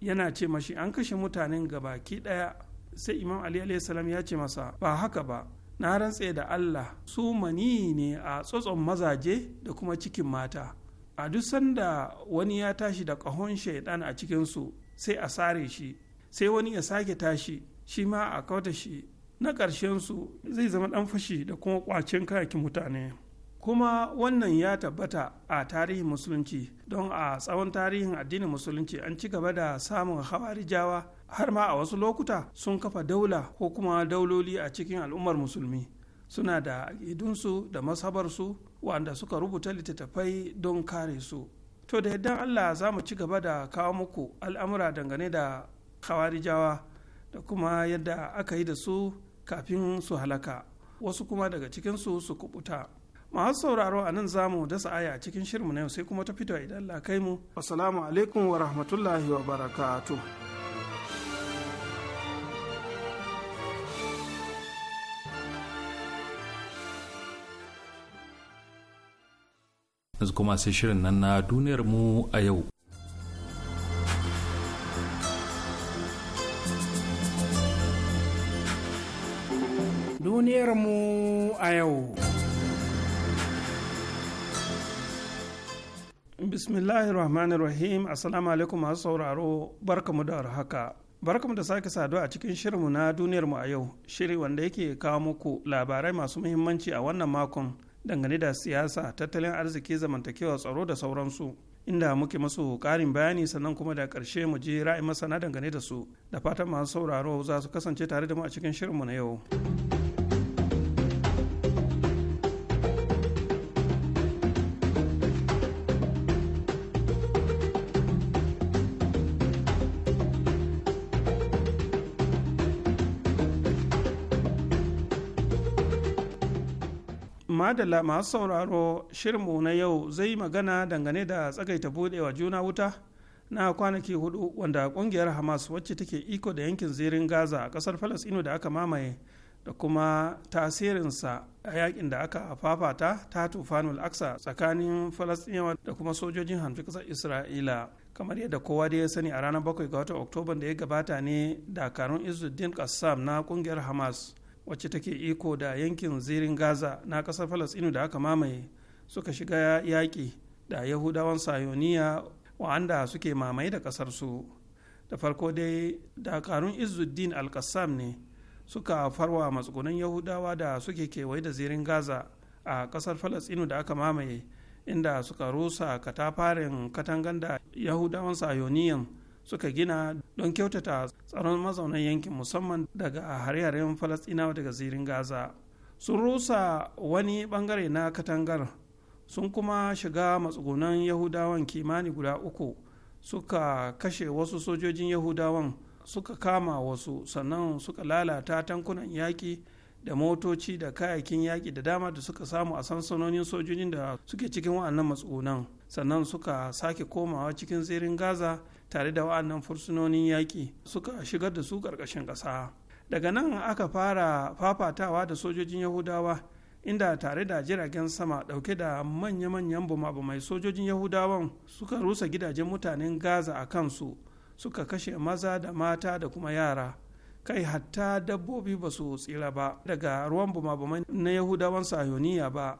yana ce mashi an kashe mutanen gabaki ɗaya sai imam ali salam ya ce masa ba haka ba na rantse da allah su mani ne a tsotson mazaje da kuma cikin mata a duk sanda wani ya tashi da ƙahon shaidan a cikinsu sai a sare shi sai wani ya sake tashi shi ma a kauta shi na su zai zama ɗan fashi da kuma ƙwacin kayakin mutane kuma wannan ya tabbata a tarihin musulunci don a tsawon tarihin addinin musulunci an ci gaba da samun hawarijawa har ma a wasu lokuta sun kafa daula ko kuma dauloli a cikin al'ummar musulmi suna da aƙidunsu da masabarsu wanda suka rubuta littattafai don kare su to da yadda allah za mu ci gaba da kawo muku al'amura dangane da khawarijawa da kuma yadda aka yi da su kafin su halaka wasu kuma daga cikin su su kubuta masu sauraro a nan zamu dasa aya a cikin shirmu na yau sai kuma ta fito idan Allah kai mu assalamu alaikum wa rahmatullahi wa barakatu. kuma sai shirin nan na duniyar mu a yau duniyarmu a yau. Bismillahirrahmanirrahim Assalamu alaikum masu sauraro barkamu da haka. Barkamu da sake saduwa a cikin shirinmu na duniyarmu a yau, shiri wanda yake kawo muku labarai masu muhimmanci a wannan makon dangane da siyasa, tattalin arziki, zamantakewa, tsaro da sauransu. Inda muke masu ƙarin bayani sannan kuma da ƙarshe mu je ra'ayin masana dangane da su, da fatan masu sauraro za su kasance tare da mu a cikin shirinmu na yau. madalla masu sauraro shirinmu na yau zai yi magana dangane da tsagaita budewa juna wuta na kwanaki hudu wanda kungiyar hamas wacce take iko da yankin zirin gaza a kasar falasino da aka mamaye da kuma tasirinsa a yakin da aka fafata ta tufanul aksa tsakanin falasɗinawa da kuma sojojin hamsin kasar isra'ila kamar yadda kowa da ya sani a ranar 7 ga watan oktoba da ya gabata ne dakarun izuddin kassam na kungiyar hamas wacce take iko da yankin zirin gaza na ƙasar falasɗinu da aka mamaye suka shiga yaƙi da yahudawan sayoniya wa'anda suke mamaye da su da farko dai dakarun izuddin alkassam ne suka farwa matsugunan yahudawa da suke kewaye da zirin gaza a ƙasar falasɗinu da aka mamaye inda suka rusa katafaren katangan da yahudawan sayoniyan suka gina don kyautata tsaron mazaunan yankin musamman daga hare-haren falasɗinawa daga zirin gaza sun rusa wani bangare na katangar sun kuma shiga matsugunan yahudawan kimani guda uku suka kashe wasu sojojin yahudawan suka kama wasu sannan suka lalata tankunan yaƙi da motoci da kayakin yaƙi da dama da suka samu a sansanonin sojojin da suke cikin wa'annan matsugunan sannan suka sake komawa cikin zirin gaza tare da wa'annan fursunonin yaƙi suka shigar da su ƙarƙashin ƙasa daga nan aka fara fafatawa da sojojin yahudawa inda tare da jiragen sama ɗauke da manya-manyan bumabumai sojojin yahudawan suka rusa gidajen mutanen gaza a kansu suka kashe maza da mata da kuma yara kai hatta dabbobi ba su tsira ba daga ruwan bumabumai na yahudawan sayoniya ba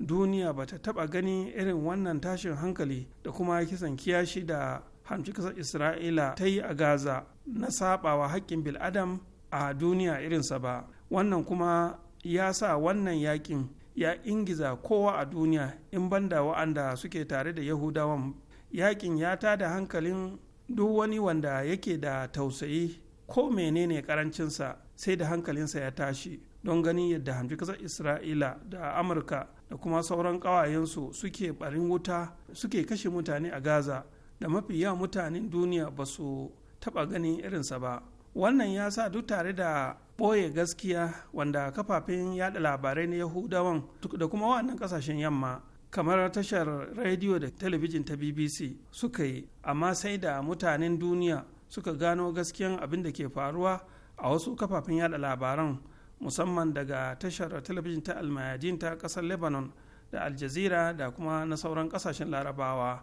duniya ba ta taɓa gani irin wannan tashin hankali da kuma kisan kiyashi da hamci kasar isra'ila ta yi a gaza na sabawa haƙƙin bil'adam a duniya irinsa ba wannan kuma ya sa wannan yakin ya ingiza kowa a duniya in banda wa'anda suke tare da yahudawan yakin ya ta da hankalin duk wani wanda yake da tausayi ko menene karancinsa sai da hankalinsa ya tashi don ganin yadda hamji kasar isra'ila da amurka da kuma sauran ƙawayensu suke barin wuta suke kashe mutane a gaza da mafi yawan mutanen duniya ba su taɓa ganin irinsa ba wannan ya sa duk tare da ɓoye gaskiya wanda kafafen yada labarai na yahudawan da kuma wannan ƙasashen yamma kamar tashar rediyo da talabijin ta bbc suka yi amma sai da mutanen duniya suka gano gaskiyan abin da ke faruwa a wasu kafafen yada labaran musamman daga tashar talabijin ta almayadin ta ƙasar lebanon da aljazira da kuma na sauran ƙasashen larabawa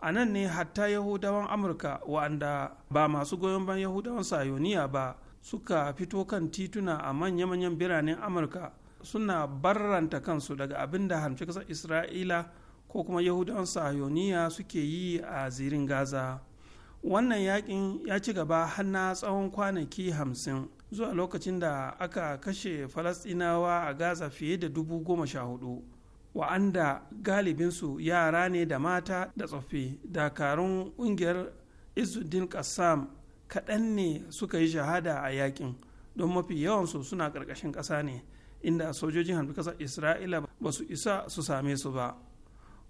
a nan ne hatta yahudawan amurka wa'anda ba masu goyon ban yahudawan sayoniya ba suka fito kan tituna a manya-manyan biranen amurka suna barranta kansu daga abin da harmci kasar isra'ila ko kuma yahudawan sayoniya suke yi a zirin gaza wannan yakin ya ci gaba har na tsawon kwanaki hamsin zuwa lokacin da aka kashe falasɗinawa a gaza fiye da dubu goma sha hudu wa'anda galibinsu yara ne da mata da tsoffi dakarun ƙungiyar izuddin kassam kaɗan ne suka yi shahada a yakin don mafi yawansu suna ƙarƙashin ƙasa ne inda sojojin hannu ƙasar isra'ila ba su isa su same su ba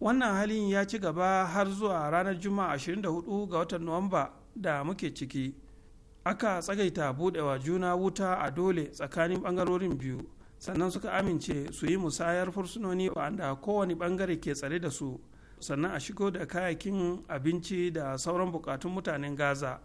wannan halin ya ci gaba har zuwa ranar juma'a 24 ga watan nuwamba da muke ciki aka tsagaita buɗewa juna wuta a dole tsakanin ɓangarorin biyu sannan suka amince su yi musayar fursunoni wa'anda kowane bangare ke tsare da su sannan a shigo da kayakin abinci da sauran bukatun mutanen gaza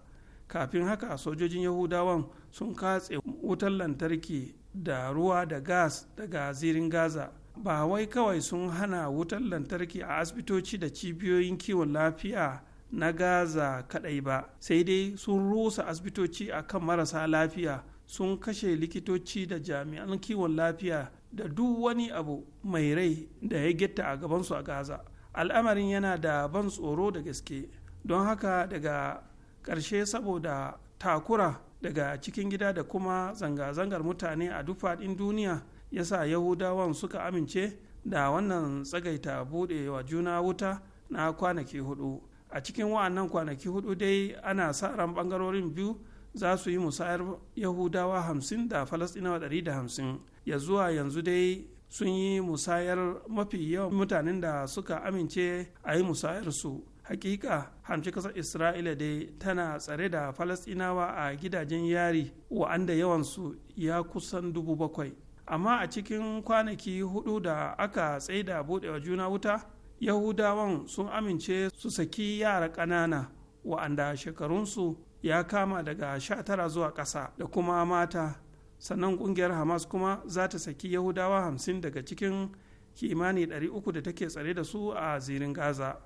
kafin haka sojojin yahudawan sun katse wutar lantarki da ruwa da gas daga zirin gaza ba wai kawai sun hana wutar lantarki a asibitoci da cibiyoyin kiwon lafiya na gaza kadai ba sai dai sun rusa asibitoci akan marasa lafiya sun kashe likitoci da jami'an kiwon lafiya da duk wani abu mai rai da ya getta a gabansu a gaza al'amarin yana da ban tsoro da gaske don haka daga ƙarshe saboda takura daga cikin gida da kuma zanga-zangar mutane a duk faɗin duniya ya sa yahudawan suka amince da wannan tsagaita buɗewa juna wuta na kwanaki hudu a cikin wa'annan kwanaki hudu dai ana sa ran bangarorin biyu za su yi musayar yahudawa hamsin da falastinawa ɗari da hamsin ya zuwa yanzu dai sun yi musayar mafi yawan mutanen da suka amince a yi musayar su hakika hamci ƙasar isra'ila dai tana tsare da Falasɗinawa a gidajen yari wa'anda yawansu ya kusan dubu bakwai amma a cikin kwanaki hudu da aka tsaida buɗewa juna wuta yahudawan sun amince su saki yara ƙanana wa'anda shekarunsu ya kama daga sha tara zuwa ƙasa da kuma mata sannan ƙungiyar hamas kuma za ta saki yahudawa hamsin daga cikin kimani 300 da take tsare da su a zirin gaza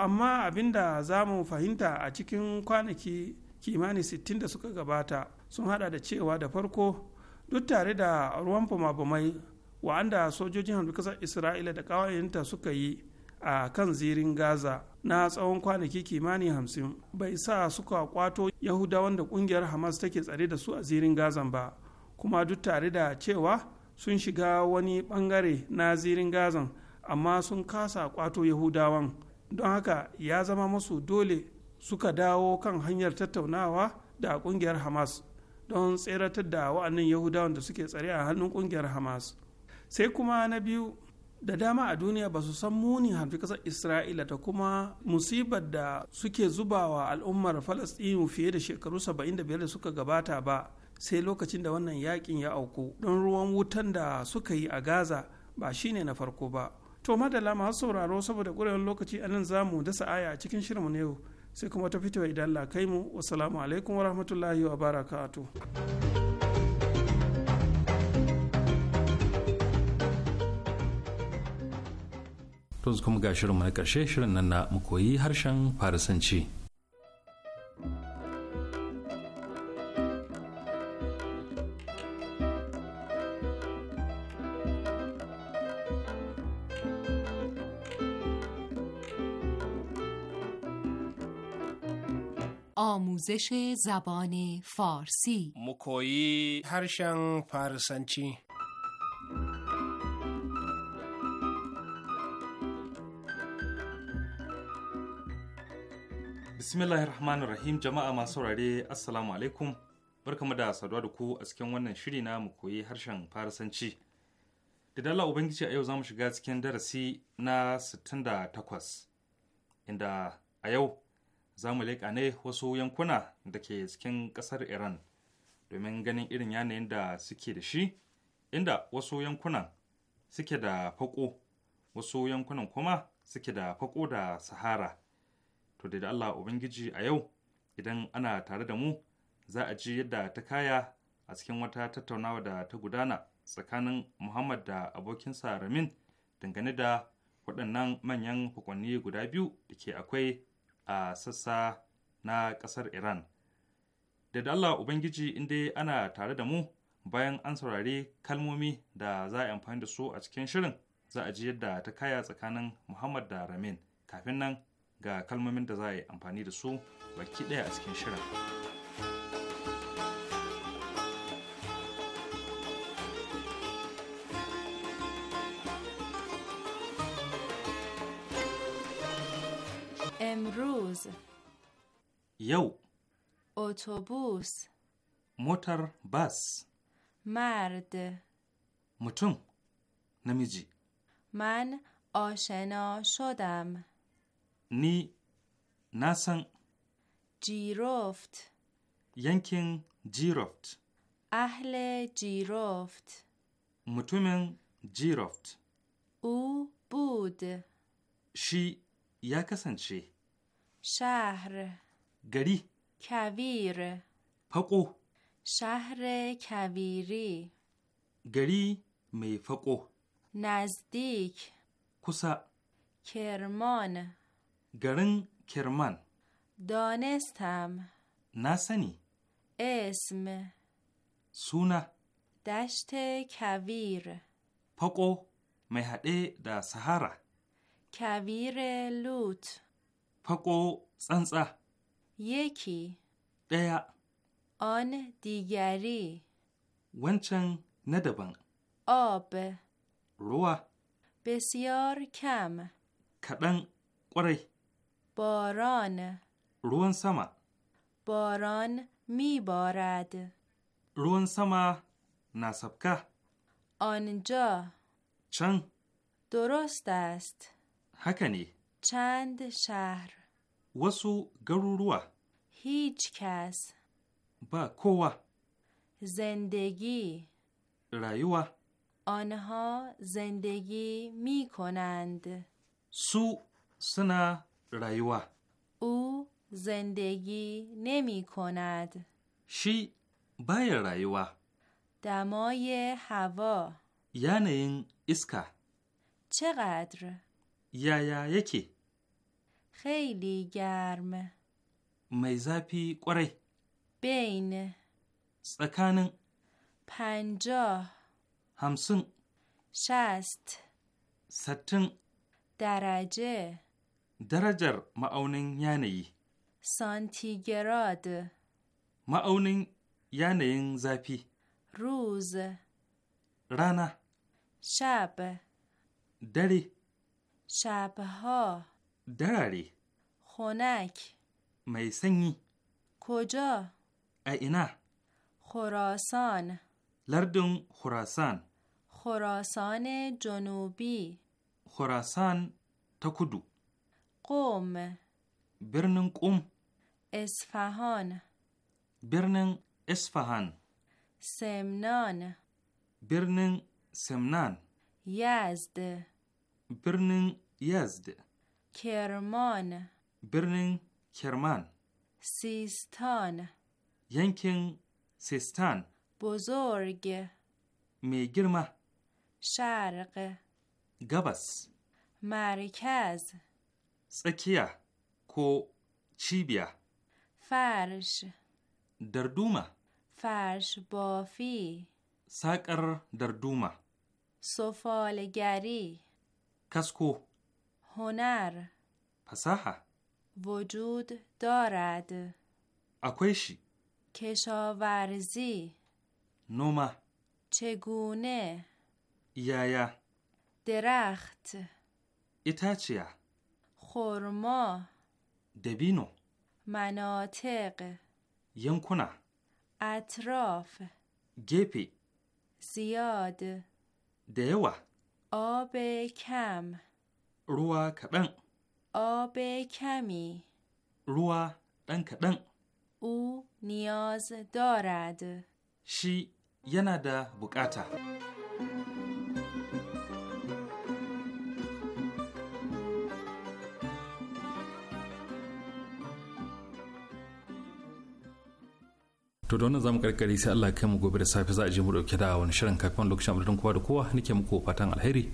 amma abinda za mu fahimta a cikin kwanaki kimani 60 da suka gabata sun hada da cewa da farko duk tare da ruwan bamai wa'anda sojojin hamdu kasar isra'ila da ƙawayenta suka yi a kan zirin gaza na tsawon kwanaki kimani hamsin bai sa suka kwato yahudawan da kungiyar hamas take tsare da su a zirin gazan ba kuma duk tare da cewa sun shiga wani bangare na zirin gazan amma sun kasa kwato yahudawan don haka ya zama masu dole suka dawo kan hanyar tattaunawa da kungiyar hamas don tseratar da wa'annan yahudawan da suke tsare a hannun kungiyar hamas sai kuma na biyu da dama a duniya ba su san muni harfi kasar isra'ila ta kuma musibar da suke zubawa al'ummar falastinu fiye da shekaru 75 da suka gabata ba sai lokacin da wannan yakin ya auku don ruwan wutan da suka yi a gaza ba shine na farko ba to madalla masu sauraro saboda ƙurewar lokaci a nan za mu dasa aya a cikin shirinmu na yau sai kuma ta fito idan Allah kai mu wasalamu alaikum wa rahmatullahi wa barakatu to kuma ga shirinmu na ƙarshe shirin nan na mu koyi harshen farisanci آموزش زبان فارسی مکویی هرشن فارسنچی bismillahir rahmanir rahim jama'a masu saurare assalamu alaikum barkamu da saduwa da ku a cikin wannan shiri na mu koyi harshen farisanci da dala ubangiji a yau za mu shiga cikin darasi na 68 inda a yau za mu leƙa ne wasu yankuna da ke cikin ƙasar iran domin ganin irin yanayin da suke da shi inda wasu yankunan suke da faƙo wasu yankunan kuma suke da faƙo da sahara to da allah ubangiji a yau idan ana tare da mu za a ji yadda ta kaya a cikin wata tattaunawa da ta gudana tsakanin muhammad da abokinsa ramin dangane da waɗannan manyan hukunni guda biyu da ke akwai a sassa na ƙasar Iran. Da Allah Ubangiji inda ana tare da mu bayan an saurari kalmomi da za a yi amfani da su a cikin shirin za a ji yadda ta kaya tsakanin Muhammad da Ramin kafin nan ga kalmomin da za a yi amfani da su baki ɗaya a cikin shirin. یو اتوبوس موتر بس مرد متون نمیجی من آشنا شدم نی ناسن، جیرفت ینکین جیرفت اهل جیرفت متومن جیرفت او بود شی یا کسنچه شهر گری کویر فقو شهر کویری گری می فقو نزدیک کسا کرمان گرن کرمان دانستم نسنی اسم سونه دشت کویر فقو مهده دا da کویر لوت حقو سنسه یکی دیا آن دیگری ونچن ندبن آب روا بسیار کم کدن قره باران روان سما باران میبارد بارد روان سما نسبکه آنجا چند درست است هکنی چند شهر وسو گروروا هیچ کس با کوا زندگی رایوا آنها زندگی می کنند سو سنا رایوا او زندگی نمی کند شی بای رایوا دمای هوا یعنی این اسکا چقدر یا یا یکی خیلی گرم میزاپی قره بین سکان پنجاه. همسن شست ستن درجه درجر ما اونن یعنی سانتیگراد ما اونن یعنی زاپی روز رانه شب دری شبها دراری خنک میسنی کجا؟ اینا خراسان لردن خراسان خراسان جنوبی خراسان تکدو قوم برنن قوم اسفهان برنن اصفهان سمنان برنن سمنان یزد برنن یزد کرمان برنین کرمان سیستان ینکن سیستان بزرگ میگرمه شرق گبس مرکز سکیا کو چیبیا، فرش، دردوما، فرش دردومه فرش بافی ساکر دردومه سفالگری کسکو هنر پساها وجود دارد اکویشی کشاورزی نوما چگونه یایا درخت ایتاچیا خورما دبینو مناطق ینکونا اطراف گپی زیاد دیوا آب کم ruwa kaɗan. obe kami. ruwa ɗan kaɗan. u niyoz dorad. shi yana da bukata. to da wannan zamu karkare sai Allah kai mu gobe da safe za a je mu dauke da wani shirin kafin lokacin abudin kowa da kowa nake muku fatan alheri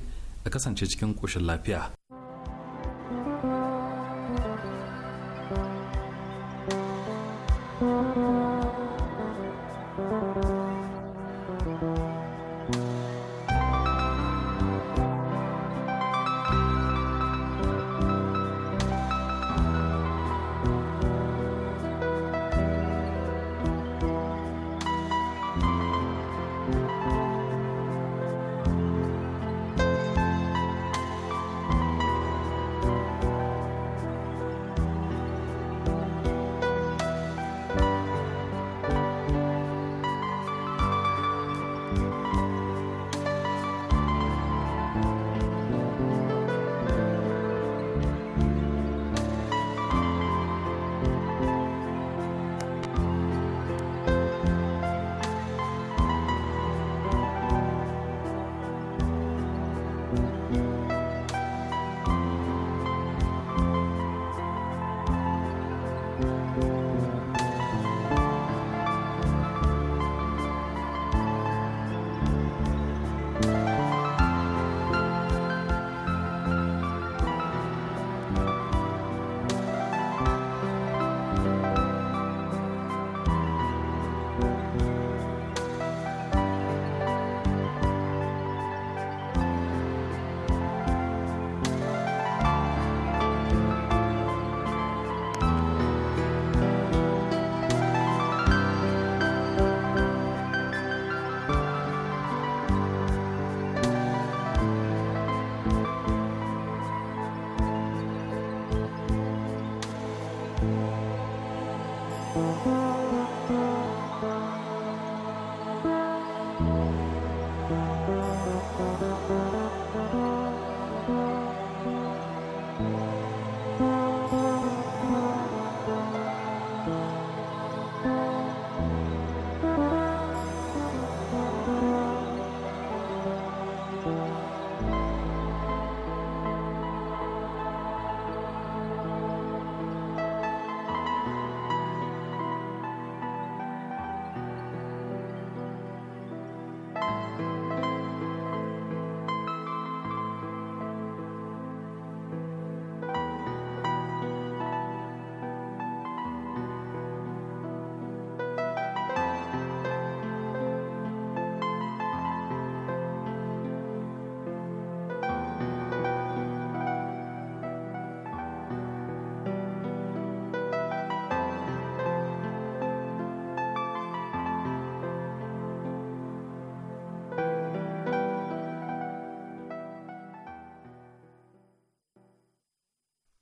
a kasance cikin koshin lafiya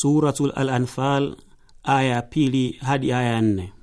Suratul Al-Anfal aya ya pili hadi aya ya nne.